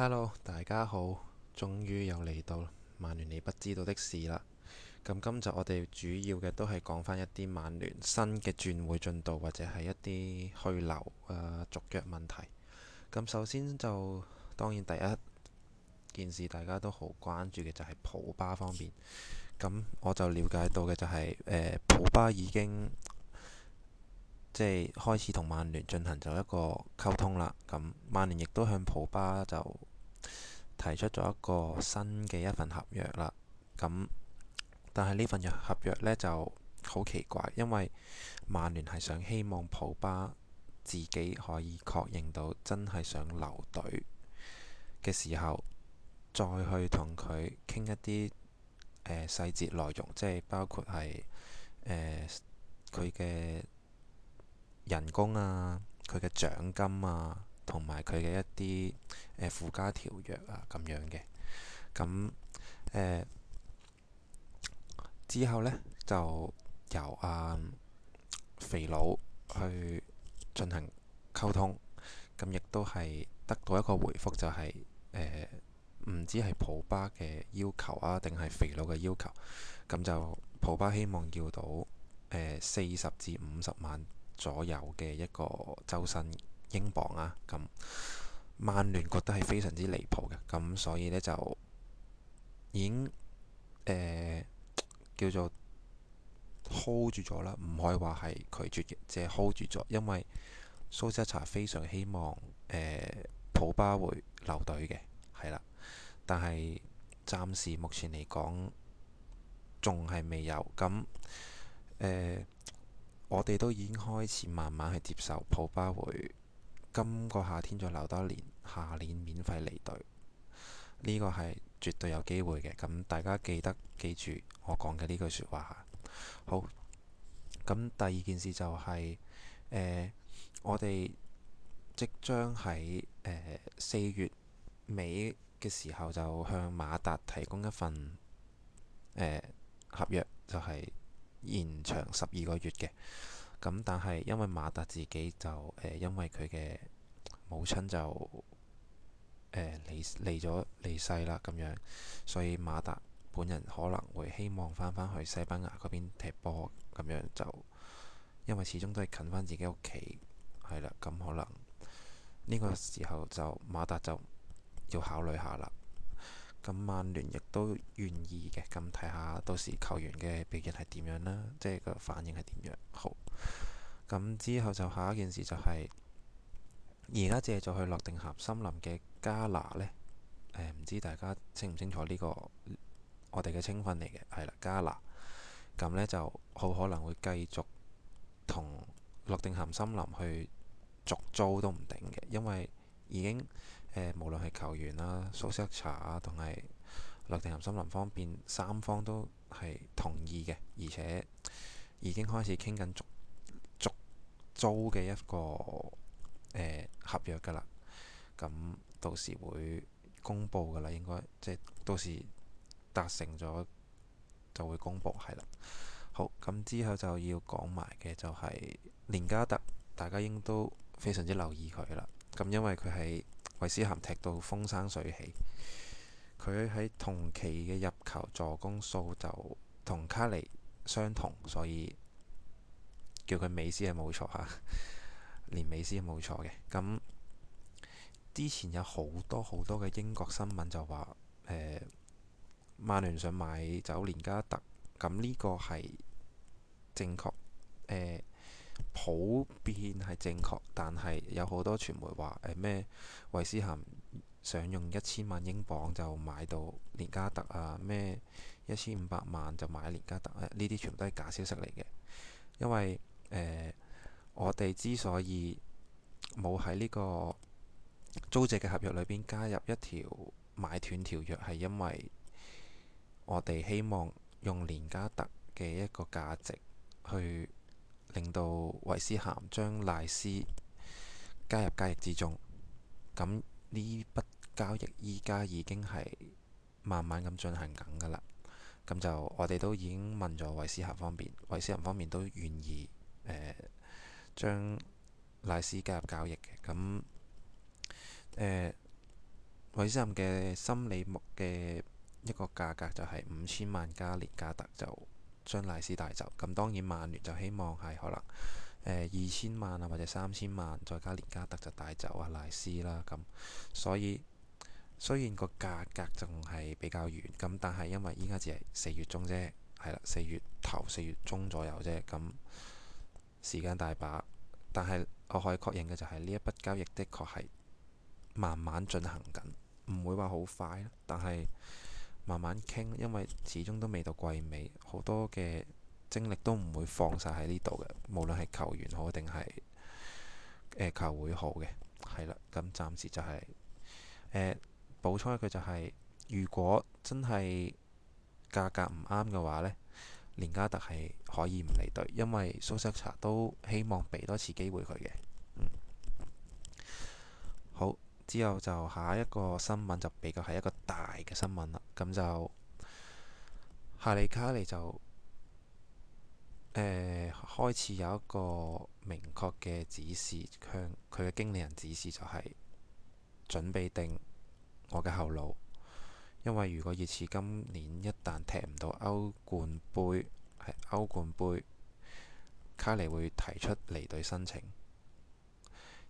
Hello，大家好，終於又嚟到曼聯你不知道的事啦。咁今集我哋主要嘅都係講返一啲曼聯新嘅轉會進度，或者係一啲去留啊，續約問題。咁首先就當然第一件事大家都好關注嘅就係普巴方面。咁我就了解到嘅就係、是、誒、呃、普巴已經即係、就是、開始同曼聯進行咗一個溝通啦。咁曼聯亦都向普巴就提出咗一個新嘅一份合約啦，咁但係呢份合約呢就好奇怪，因為曼聯係想希望普巴自己可以確認到真係想留隊嘅時候，再去同佢傾一啲誒細節內容，即係包括係佢嘅人工啊，佢嘅獎金啊。同埋佢嘅一啲誒、呃、附加條約啊，咁樣嘅咁誒，之後呢，就由啊肥佬去進行溝通，咁亦都係得到一個回覆，就係誒唔知係普巴嘅要求啊，定係肥佬嘅要求？咁就普巴希望要到誒四十至五十萬左右嘅一個周薪。英鎊啊，咁曼聯覺得係非常之離譜嘅，咁所以呢就已經、呃、叫做 hold 住咗啦，唔可以話係拒絕嘅，即係 hold 住咗，因為蘇哲查非常希望、呃、普巴會留隊嘅，係啦，但係暫時目前嚟講仲係未有，咁、呃、我哋都已經開始慢慢去接受普巴會今個夏天再留多一年，下年免費離隊，呢個係絕對有機會嘅。咁大家記得記住我講嘅呢句說話吓。好，咁第二件事就係，誒,我哋即將喺誒四月尾嘅時候就向馬達提供一份誒合約，就係延長十二個月嘅。咁但係，因為馬達自己就誒、呃，因為佢嘅母親就誒、呃、離離咗離世啦，咁樣，所以馬達本人可能會希望翻返去西班牙嗰邊踢波咁樣就，因為始終都係近翻自己屋企，係啦，咁可能呢個時候就、嗯、馬達就要考慮下啦。咁曼聯亦都願意嘅，咁睇下到時球員嘅表現係點樣啦，即係個反應係點樣。好。咁之後就下一件事就係而家，借咗去諾定咸森林嘅加拿呢，唔、呃、知大家清唔清楚呢個我哋嘅青訓嚟嘅係啦，加拿咁呢就好可能會繼續同諾定咸森林去續租都唔定嘅，因為已經誒、呃，無論係球員啦、蘇斯查啊，同係諾定咸森林方面三方都係同意嘅，而且已經開始傾緊續。租嘅一個誒、呃、合約㗎啦，咁到時會公佈㗎啦，應該即係到時達成咗就會公佈，係啦。好，咁之後就要講埋嘅就係連加特，大家應該都非常之留意佢啦。咁因為佢喺韋斯咸踢到風生水起，佢喺同期嘅入球助攻數就同卡尼相同，所以。叫佢美斯係冇錯嚇， 連美斯係冇錯嘅。咁之前有好多好多嘅英國新聞就話誒、呃，曼聯想買走連加特，咁呢個係正確誒、呃，普遍係正確，但係有好多傳媒話誒咩，韋、呃、斯咸想用一千萬英鎊就買到連加特啊，咩一千五百萬就買連加特啊，呢啲全部都係假消息嚟嘅，因為。誒、呃，我哋之所以冇喺呢個租借嘅合約裏邊加入一條買斷條約，係因為我哋希望用連加特嘅一個價值去令到維斯咸將賴斯加入交易之中。咁呢筆交易依家已經係慢慢咁進行緊㗎啦。咁就我哋都已經問咗維斯咸方面，維斯咸方面都願意。誒，將賴斯加入交易嘅。咁誒，韋、呃、韋斯咸嘅心理目嘅一個價格就係五千萬加連加特，就將賴斯帶走。咁當然曼聯就希望係可能二千萬啊，或者三千萬，再加連加特就帶走啊賴斯啦。咁所以雖然個價格仲係比較遠咁，但係因為依家只係四月中啫，係啦，四月頭四月中左右啫咁。時間大把，但係我可以確認嘅就係呢一筆交易的確係慢慢進行緊，唔會話好快。但係慢慢傾，因為始終都未到季尾，好多嘅精力都唔會放晒喺呢度嘅。無論係球員好定係、呃、球會好嘅，係啦。咁暫時就係、是、誒、呃、補充一句就係、是、如果真係價格唔啱嘅話呢。連加特係可以唔離隊，因為蘇瑟查都希望俾多次機會佢嘅、嗯。好，之後就下一個新聞就比較係一個大嘅新聞啦。咁就哈利卡尼就誒、呃、開始有一個明確嘅指示，向佢嘅經理人指示就係、是、準備定我嘅後路。因為如果熱刺今年一旦踢唔到歐冠杯，係歐冠杯，卡尼會提出離隊申請。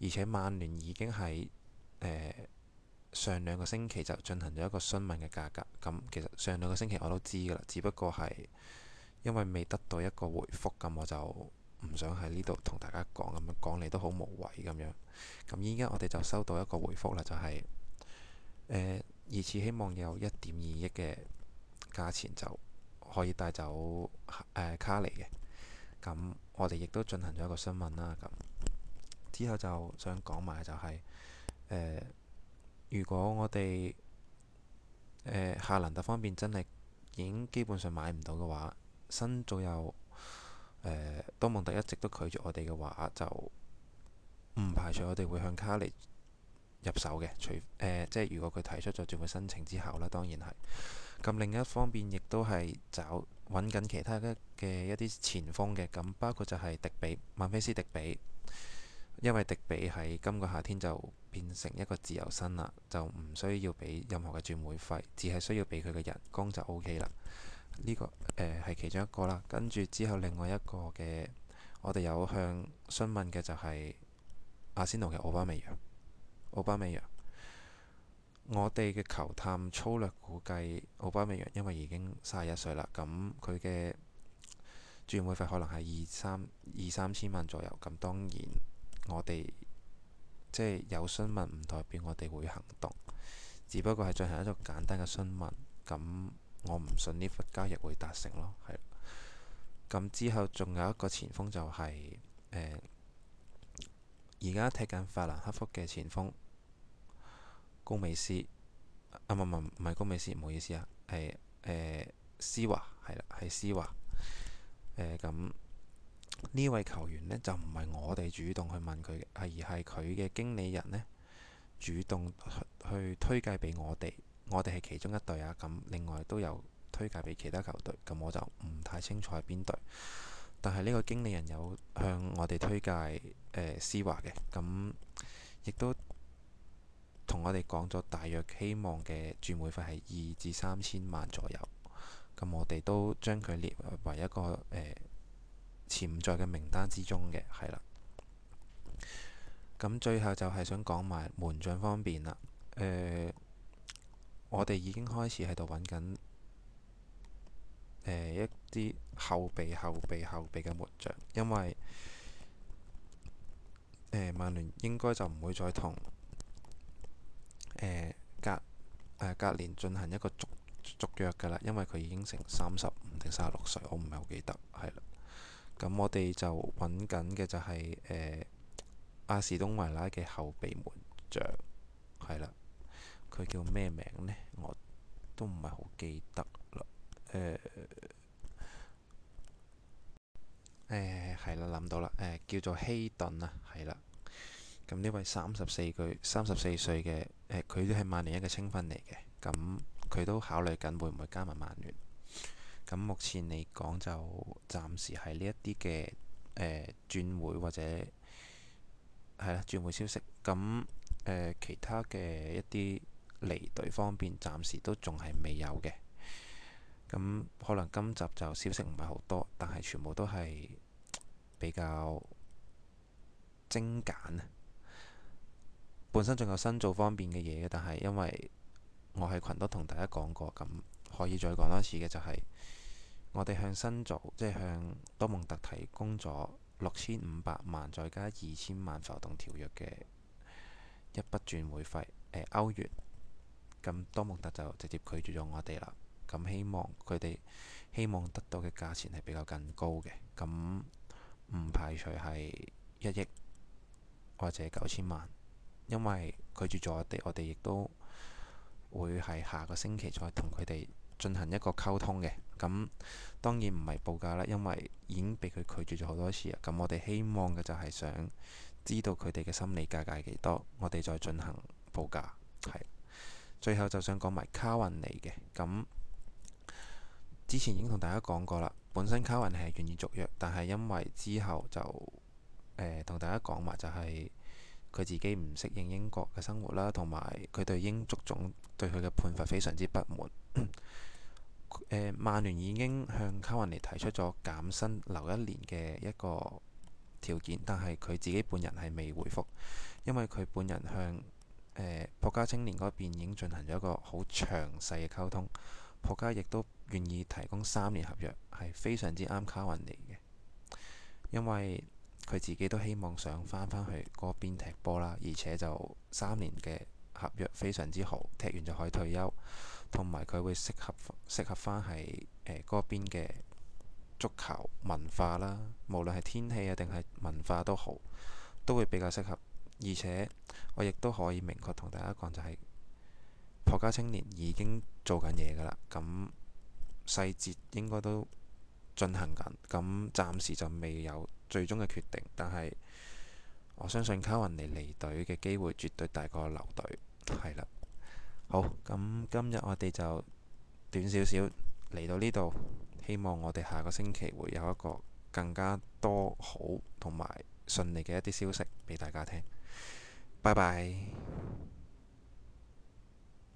而且曼聯已經係、呃、上兩個星期就進行咗一個詢問嘅價格。咁、嗯、其實上兩個星期我都知㗎啦，只不過係因為未得到一個回覆，咁我就唔想喺呢度同大家講，咁講嚟都好無謂咁樣。咁依家我哋就收到一個回覆啦，就係、是呃以此希望有一點二億嘅價錢就可以帶走誒、呃、卡嚟嘅，咁我哋亦都進行咗一個詢問啦。咁之後就想講埋就係、是、誒、呃，如果我哋誒夏蘭特方面真係已經基本上買唔到嘅話，新左有誒、呃、多蒙特一直都拒絕我哋嘅話，就唔排除我哋會向卡嚟。入手嘅，除誒、呃、即係如果佢提出咗轉會申請之後啦，當然係咁。另一方面，亦都係找揾緊其他嘅一啲前鋒嘅咁，包括就係迪比曼菲斯迪比，因為迪比喺今個夏天就變成一個自由身啦，就唔需要俾任何嘅轉會費，只係需要俾佢嘅人工就 OK 啦。呢、這個誒係、呃、其中一個啦。跟住之後，另外一個嘅我哋有向詢問嘅就係阿仙奴嘅奧巴美揚。奧巴美揚，我哋嘅球探粗略估計，奧巴美揚因為已經三十一歲啦，咁佢嘅轉會費可能係二三二三千萬左右。咁當然我哋即係有詢問，唔代表我哋會行動，只不過係進行一個簡單嘅詢問。咁我唔信呢筆交易會達成咯，係。咁之後仲有一個前鋒就係、是、誒。呃而家踢緊法蘭克福嘅前鋒高美斯，啊唔唔唔係高美斯，唔好意思啊，係誒、呃、斯華係啦，係斯華，咁呢位球員呢，就唔係我哋主動去問佢嘅，而係佢嘅經理人呢，主動去推介俾我哋，我哋係其中一隊啊。咁另外都有推介俾其他球隊，咁我就唔太清楚係邊隊。但係呢個經理人有向我哋推介誒絲華嘅，咁、呃、亦都同我哋講咗大約希望嘅轉會費係二至三千萬左右，咁我哋都將佢列為一個誒、呃、潛在嘅名單之中嘅，係啦。咁最後就係想講埋門將方面啦、呃，我哋已經開始喺度揾緊誒一。啲後備、後備、後備嘅門將，因為誒、呃、曼聯應該就唔會再同誒格誒格連進行一個續續約㗎啦，因為佢已經成三十五定三十六歲，我唔係好記得係啦。咁我哋就揾緊嘅就係誒阿士東維拉嘅後備門將係啦，佢叫咩名呢？我都唔係好記得啦。誒、呃、～誒係啦諗到啦，誒叫做希頓啊係啦，咁呢位三十四歲三十四歲嘅誒佢都係曼聯一個青訓嚟嘅，咁、嗯、佢都考慮緊會唔會加盟曼聯，咁、嗯、目前嚟講就暫時係呢一啲嘅誒轉會或者係啦轉會消息，咁、嗯、誒、呃、其他嘅一啲離隊方面暫時都仲係未有嘅。咁可能今集就消息唔係好多，但係全部都係比較精簡。本身仲有新造方面嘅嘢嘅，但係因為我喺群都同大家講過，咁可以再講多次嘅就係、是、我哋向新造即係向多蒙特提供咗六千五百萬，再加二千萬浮動條約嘅一筆轉會費，誒、呃、歐元。咁多蒙特就直接拒絕咗我哋啦。咁希望佢哋希望得到嘅價錢係比較更高嘅，咁唔排除係一億或者九千萬，因為拒絕咗我哋，我哋亦都會係下個星期再同佢哋進行一個溝通嘅。咁當然唔係報價啦，因為已經俾佢拒絕咗好多次啊。咁我哋希望嘅就係想知道佢哋嘅心理價格係幾多，我哋再進行報價，係最後就想講埋卡運嚟嘅咁。之前已經同大家講過啦，本身卡雲尼係願意續約，但係因為之後就、呃、同大家講話，就係佢自己唔適應英國嘅生活啦，同埋佢對英足總對佢嘅判罰非常之不滿。 呃、曼聯已經向卡雲尼提出咗減薪留一年嘅一個條件，但係佢自己本人係未回覆，因為佢本人向誒柏嘉青年嗰邊已經進行咗一個好詳細嘅溝通，柏嘉亦都。願意提供三年合約，係非常之啱卡雲嚟嘅，因為佢自己都希望想翻翻去嗰邊踢波啦，而且就三年嘅合約非常之好，踢完就可以退休，同埋佢會適合適合翻係誒嗰邊嘅足球文化啦。無論係天氣啊，定係文化都好，都會比較適合。而且我亦都可以明確同大家講、就是，就係博卡青年已經做緊嘢㗎喇。咁細節應該都進行緊，咁暫時就未有最終嘅決定，但係我相信卡雲尼離，離隊嘅機會絕對大過留隊，係啦。好，咁今日我哋就短少少嚟到呢度，希望我哋下個星期會有一個更加多好同埋順利嘅一啲消息俾大家聽。拜拜。